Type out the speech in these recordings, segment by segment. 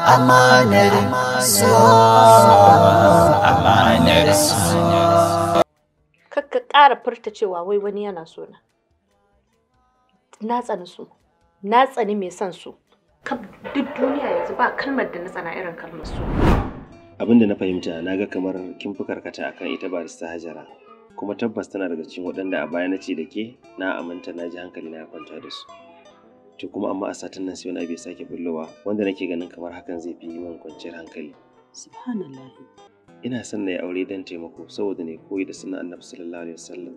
Amanar so amanar kakka ƙara furta cewa wai wani yana so na na tsani su na tsani mai son su duk duniya yanzu ba kalmar da na tsana irin kalmar su abinda na fahimta na ga kamar kin fi karkata akan ita barista hajara kuma tabbas tana daga cikin waɗanda a baya na ce da ke na aminta na ji hankali na kwanta da su to kuma amma a satin nan sai wani abu sake bullowa wanda nake ganin kamar hakan zai fi min kwanciyar hankali subhanallah ina son na yi aure don taimako saboda ne koyi da sunan annabi sallallahu alaihi wasallam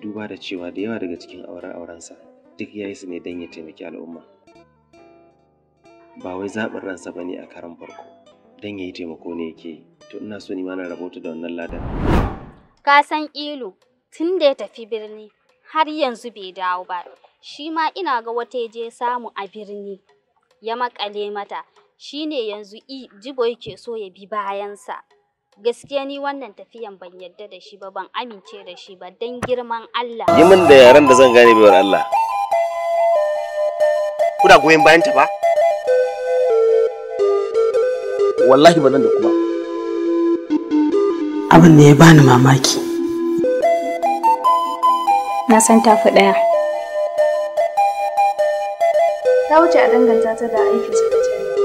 duba da cewa da yawa daga cikin auren aurensa duk ya yi su ne don ya taimaki al'umma ba wai zaɓin ransa ba ne a karan farko don ya yi taimako ne yake yi to ina so ni ma na rabota da wannan ladan ka san ilu tun da ya tafi birni har yanzu bai dawo ba shi ma ina ga wata ya je samu a birni ya makale mata shi ne yanzu i jibo yake so ya bi bayansa gaskiya ni wannan tafiyan ban yadda da shi ba ban amince da shi ba don girman Allah yi min da yaren da zan gane baiwar Allah kuna goyon bayan ta ba wallahi ba nan da kuma abin da ya bani mamaki na san tafi ɗaya ta wuce a danganta ta da aikin su da jami'a.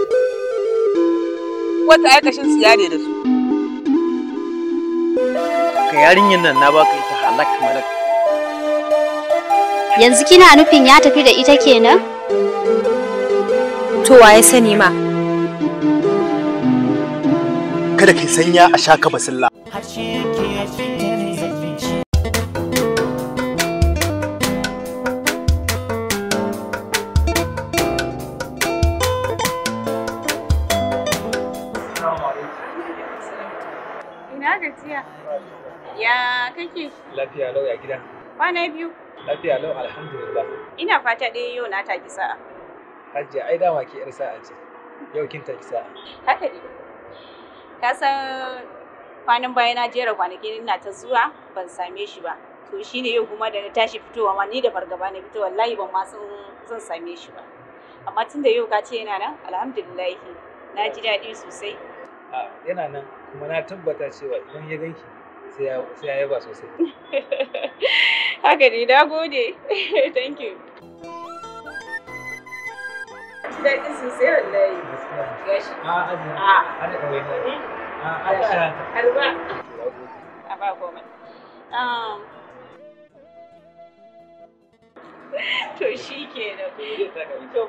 Wata aikashin su yare da su. Ka yarinyar nan na baka ita halak malak. Yanzu kina nufin ya tafi da ita kenan? To waye sani ma. Kada ke sanya a sha ka basilla. Hashe ke Lafiya lau ya gida. Kwana biyu. Lafiya lau alhamdulillah. Ina fata dai yau na taki sa'a. Hajiya ai dama ke yar sa'a ce. Yau kin taki sa'a. Haka ne. Ka san kwanan baya na jera kwanaki ina ta zuwa ban same shi ba. To shine yau kuma da na tashi fitowa ma ni da fargaba na fito wallahi ban ma zan same shi ba. Amma tun da yau ka ce yana nan alhamdulillah na ji daɗi sosai. yana nan kuma na tabbata cewa idan ya ganki sai ya yaba sosai haka ne na gode thank you ya eh. um.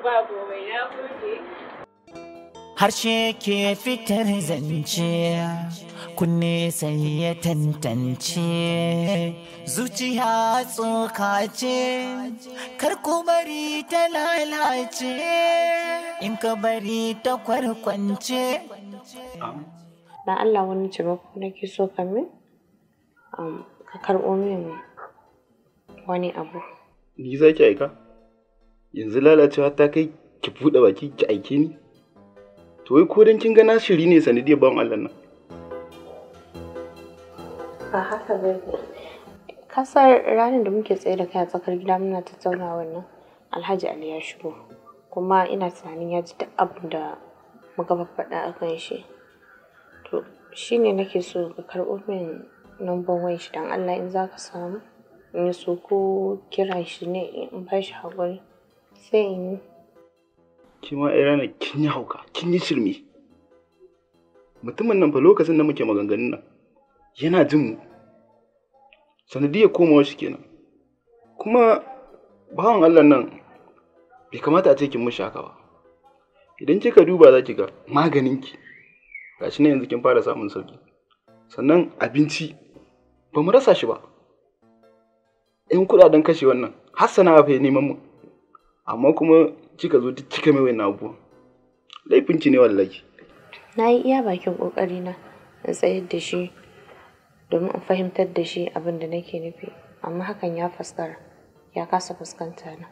harshe ke fitar zance kunne sai ya tantance zuciya tsoka ce kar ku bari ta lalace in ka bari ta kwarkwance na Allah wani taimako nake so ka min ka karɓo min wani abu ni za ki aika yanzu lalacewa ta kai ki buɗe baki ki aike ni to wai ko dan kin ga na shiri ne sanadiyar bawon Allah nan a haka zai kasar ranar da muke tsaye da kai a tsakar gida muna tattauna wannan alhaji ali ya shigo kuma ina tunanin ya ji duk abin da muka faɗa a kan shi to shi ne nake so ka karɓo min numban wayan shi don allah in za ka samu in yi so ko kira shi ne in ba shi haƙuri sai in yi ki ma irana kin yi hauka kin yi shirme mutumin nan fa lokacin da muke maganganun nan yana jin mu sanadiyar komawa shi kenan kuma bawan Allah nan bai kamata a ce kin mishi haka ba idan kika duba za ki ga maganinki gashi nan yanzu kin fara samun sauki sannan abinci ba mu rasa shi ba yan kudaden kashe wannan hassana fa neman mu amma kuma kika zo duk kika mai wannan abu laifin ki ne wallahi na yi iya bakin kokarina na in tsayar da shi domin in fahimtar da shi abin da nake nufi amma hakan ya faskara ya kasa fuskanta na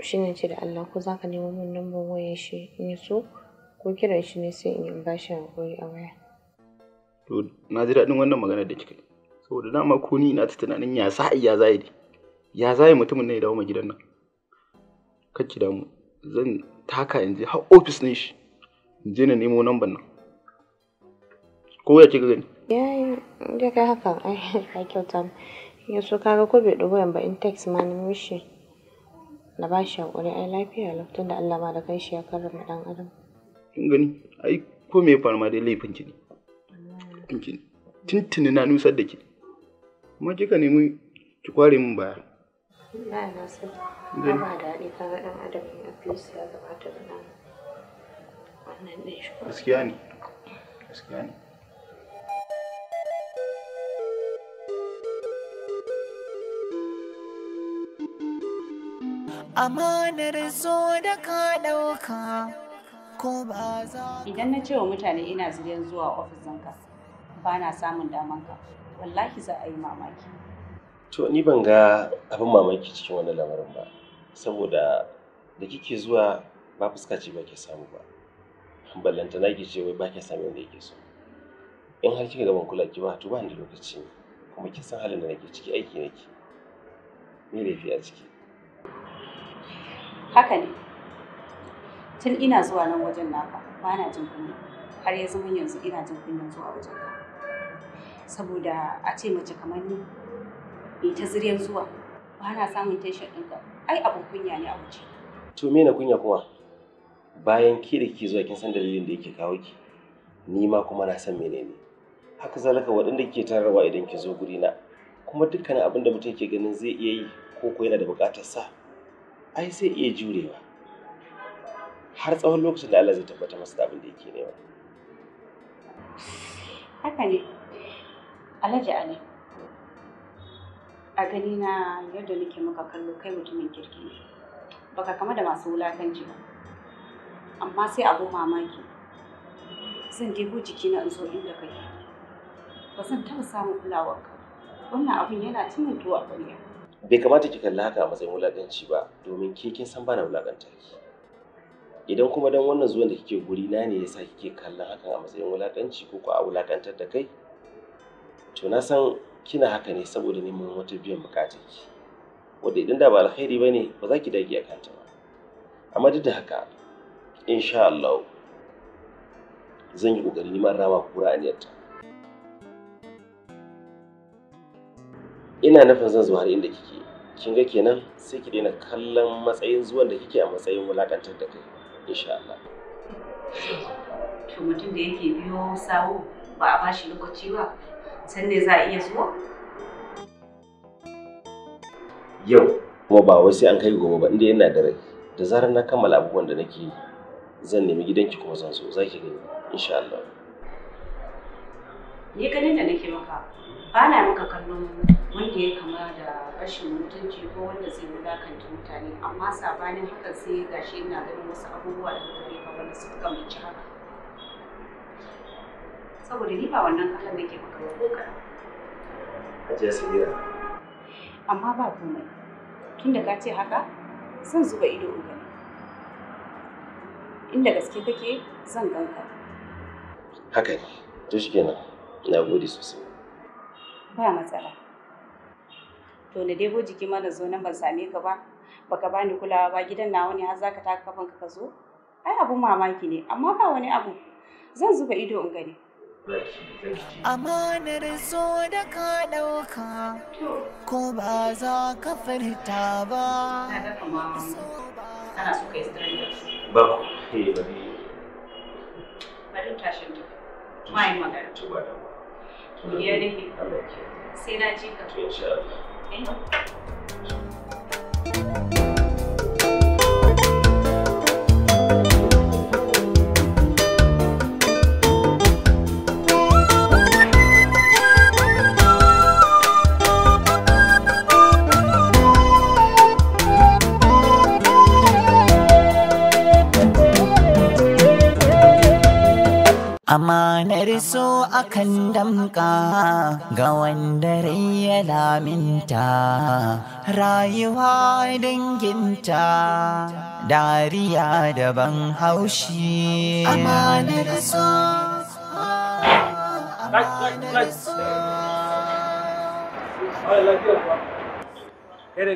shi ne ce da Allah ko za ka nemo min lambar wayar shi in yi so ko kiran shi ne sai in ba shi hakuri a waya to na ji daɗin wannan magana da kika saboda dama ko ni ina ta tunanin ya sa ya zai ya zai mutumin ne ya dawo ma gidan nan ki damu zan taka in je har ofis ne shi in je na nemo lambar nan ko ya kika gani Yayi, kai hakan ai ka kyauta. yaso ka ga ko bai ɗau wayan ba in text ma na mishi na bashi haƙuri ai lafiya lau tunda Allah ma da ya karrama ɗan adam. Kin gani ai ko me ya faru ma dai laifin ki ne. Laifin ki ne. Tuntuni na nusar da ki. Kuma kika nemi ki kware min baya. Na na san. Ba daɗi ka ɗan adam ne a ya kamata da ɗan wannan ɗin shi. Gaskiya ne. Gaskiya ne. amanar zo da ka ɗauka ko ba za idan na ce wa mutane ina zirin zuwa ofis ba na samun damanka wallahi za a yi mamaki to ni ban ga abin mamaki cikin wani lamarin ba saboda da kike zuwa ba fuska ce ba ke samu ba ballanta na ce wai ba ke samun da yake so in har kika gaban kula ki ba to ba ni da lokaci kuma kin san halin da nake ciki aiki nake me laifi a ciki haka ne tun ina zuwa nan wajen naka ba na jin kunya har ya mun yanzu ina jin kunya zuwa wajen ka saboda a ce mace kamar ni ni ta zuriyar zuwa ba na samun tashin ɗinka ai abin kunya ne a wuce." to me na kunya kuma bayan ki da ki zuwa kin san dalilin da yake kawo ki ni ma kuma na san menene haka zalika waɗanda ke tararwa idan ki zo guri na kuma dukkanin abin da mutum ke ganin zai iya yi ko ko yana da buƙatar sa ai sai iya jurewa har tsawon lokacin da Allah zai tabbata masa da abin da yake nema haka ne alhaji ali a gani na yadda nake maka kallo kai mutumin kirki ne baka kama da masu wulakanci ba amma sai abu mamaki zan debo jikina in zo inda kai, ba zan taɓa samun ka, wannan abin yana cin mutuwa ƙwarya bai kamata ki kalli haka a matsayin wulaƙanci ba domin ke kin san bana wulaƙanta ki idan kuma dan wannan zuwan da kike guri na ne yasa kike kallon haka a matsayin wulaƙanci ko a wulaƙantar da kai to na san kina haka ne saboda neman wata biyan buƙatar ki wanda idan da ba alkhairi bane ba za ki dage a kanta ba amma duk da haka insha Allah zan yi ƙoƙari neman rama kura aniyarta ina nufin zan zuwa har inda kike kin ga kenan sai ki daina kallon matsayin zuwan da kike a matsayin wulakantar da kai insha Allah to mutum da yake biyo sawo ba a bashi lokaci ba san ne za a iya zuwa yau kuma ba wai sai an kai gobe ba inda yana da rai da zarar na kammala abubuwan da nake yi zan nemi gidanki kuma zan zo za ki gani insha Allah ni ganin da nake maka ba na maka kallon wanda ya kama da rashin mutunci ko wanda zai wulakanta mutane amma sabanin haka sai gashi ina ganin wasu abubuwa da mutane ba wanda suka kamanci haka saboda ni ba wannan kallon nake maka ba ko kaɗan. Hajiya Samira. Amma ba komai tunda ka ce haka zan zuba ido in gani inda gaske kake zan ganka. Haka ne, to shikenan na gode sosai ba matsala to na debo jiki mana zo nan ban same ka ba baka bani kulawa ba gidan nawa ne har zaka ta kafan ka zo ai abun mamaki ne amma ba wani abu zan zuba ido in gani Amanar so da ka ɗauka ko ba za ka furta ba. Ana so ka yi Ba ku, ba ni. tashin duk. Ma'ayin magana. godiya nake sai na ji amanar so akan damka ga wanda ya laminta rayuwa danginta dariya daban haushi amanar so amanar so kai da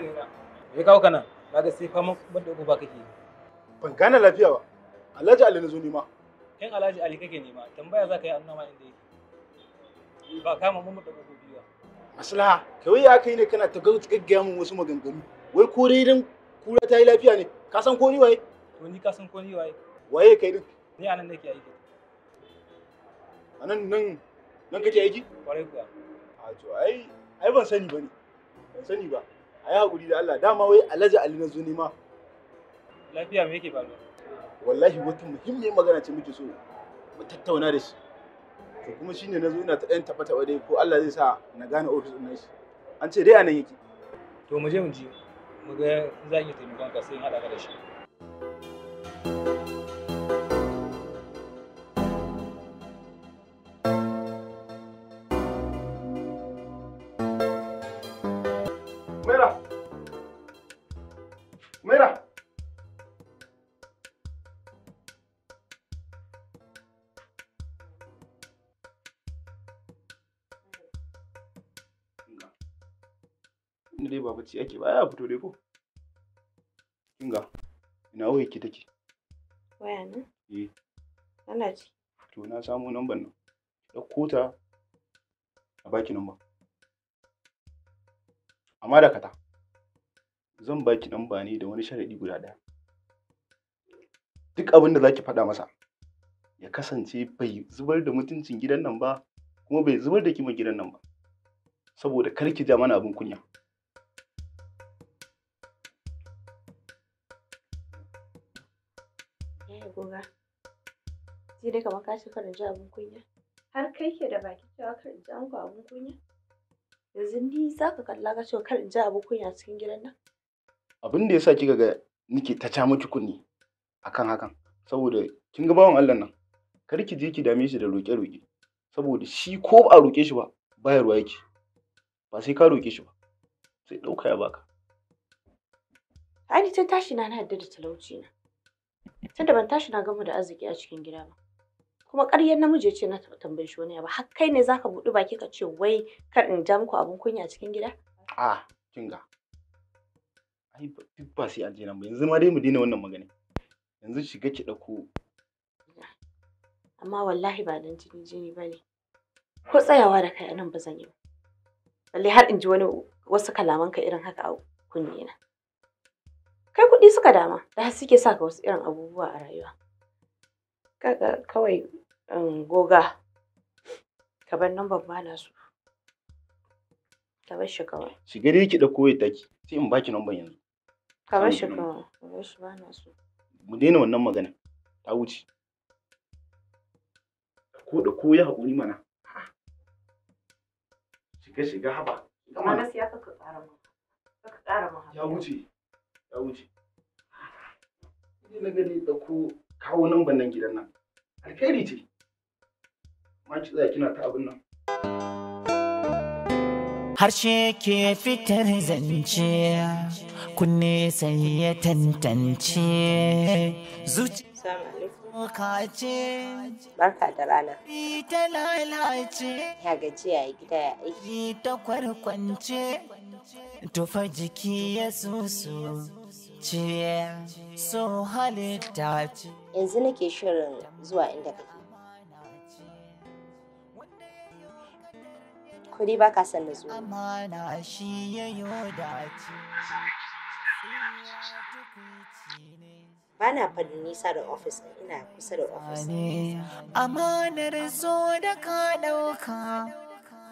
gina ya kawo kana kaga sai fama ban da ba kake ban gane lafiya ba allah alhaji zo ne ma in alhaji ali kake nema tambaya za ka yi annama inda yake ba kama mun mu dabo biyu maslaha kawai ya kai ne kana ta gaggaya mu wasu maganganu wai ko dai dan kura ta yi lafiya ne ka san ko ni waye to ni ka san ko ni waye waye kai din ni anan nake aiki anan nan nan kake aiki kware kuwa a to ai ai ban sani bane ban sani ba ai hakuri da Allah dama wai alhaji ali na zo nema lafiya me yake faruwa wallahi wata muhimmiyar magana ce muke so mu tattauna da shi to kuma shine nazo ina ta ɗan taɓa taɓa dai ko Allah zai sa na gane ofis ɗin shi an ce dai anan yake to mu je mu ji mu ga za iya taimakon ka sai in haɗa ka da shi Mira. Mira. bacci ake baya ya fito dai ko kinga ina wai ki take waya ne eh ana ci to na samu number nan ɗauko ta a baki number amma da kata zan baki number ne da wani sharadi guda ɗaya duk abin da zaki faɗa masa ya kasance bai zubar da mutuncin gidan nan ba kuma bai zubar da kima gidan nan ba saboda kar ki ja mana abin kunya dai kamar ka ce kana in ji abin kunya. Har kai ke da baki cewa kar in ji an abin kunya? Yanzu ni za ka kalla ka cewa kar in ji abin kunya cikin gidan nan? Abin da ya sa kika ga nike ta ca miki kunni akan hakan saboda kin ga bawan Allah nan kar ki je ki dame shi da roƙe-roƙe saboda shi ko ba a roƙe shi ba bayarwa yake ba sai ka roƙe shi ba sai ɗauka ya baka. Ali ta tashi na na yadda da talauci na. Tunda ban tashi na gama da arziki a cikin gida ba. kuma ƙaryar namiji ce na taɓa tambayin shi wani abu har kai ne zaka buɗi baki ka ce wai kar in ja muku abin kunya cikin gida a kinga ai duk ba sai an je nan ba yanzu ma dai mu daina wannan magana yanzu shiga ki ɗauko amma wallahi ba dan jini jini ba ne ko tsayawa da kai anan ba zan yi ba balle har in ji wani wasu kalaman ka irin haka a kunni na kai kuɗi suka dama da har suke sa ka wasu irin abubuwa a rayuwa kaga kawai um, goga ka bar number ba na so ka bar shi kawai shiga dai ki dauko wayar sai in baki number yanzu ka bar shi kawai ka bar shi ba na so mu daina wannan magana ta wuce ko da ko ya haƙuri mana shiga shiga haba kamar na siya ka ƙara mu ka ƙara mu ya wuce ya wuce ne gani da ku kawo nan gidan nan alkhairi ce ma ci za kina ta abin nan harshe ke fitar zance kunne sai ya tantance zuci Barka da rana. lalace. Ya gajiya ya yi gida ya aiki. Ta kwarkwance, tufa jiki ya susu, ciye, so halitta ce. yanzu nake shirin zuwa inda kake kudi ba ka san nutsu ba na faɗin nisa da ofis ina kusa da ofis amanar zo da ka ɗauka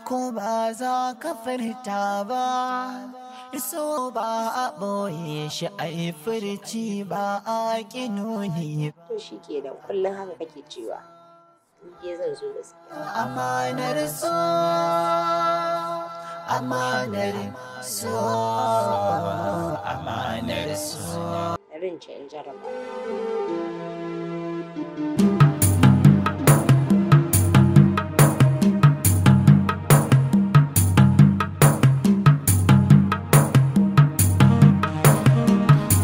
ko ba za ka furta ba iso ba a boye shi a yi furci ba a ƙi nuni. To shi ke da kullum haka kake cewa. Ke zan zo gaskiya. Amanar so, amanar so, amanar so. Rin ce in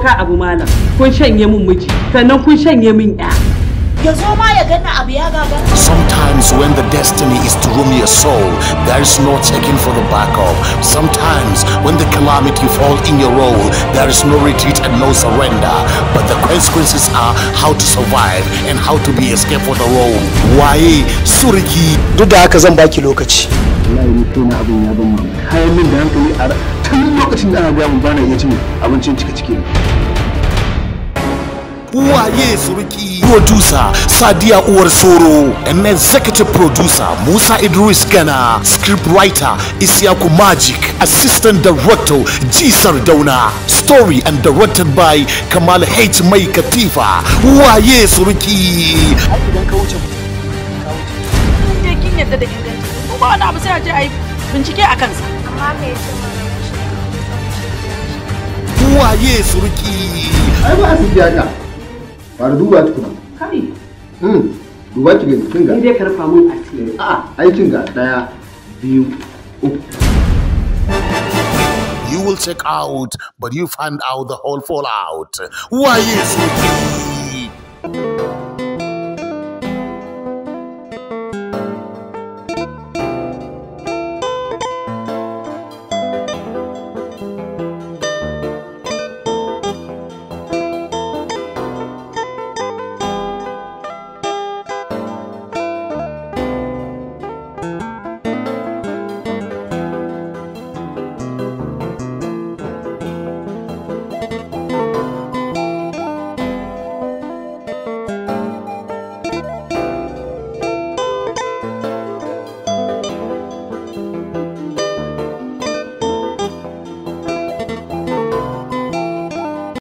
ka abu malam kun shanye mun miji sannan kun shanye mun ya Sometimes when the destiny is to ruin your soul, there is no checking for the backup. Sometimes when the calamity falls in your role, there is no retreat and no surrender. But the consequences are how to survive and how to be escaped for the role. Waye suriki. Duk da haka zan baki lokaci. Wallahi ni kaina abin ya ban mamaki. Hayan min da hankali a tun lokacin da ana gaya mun bana iya cin abincin cika ciki. Waye suruki producer sadiya uwar soro and executive producer musa idris gana script writer Isiaku magic assistant director Jisar Dauna, story and directed by kamal h mai katifa waye suruki yadda da inganci ko ba wani abu a je bincike a kansa amma me waye suruki ai ba su biya fara duba tukuna kai hmm duba ki gani kinga ni karfa mun a cikin a ai kinga daya biyu uku You will check out, but you find out the whole fallout. Why is it?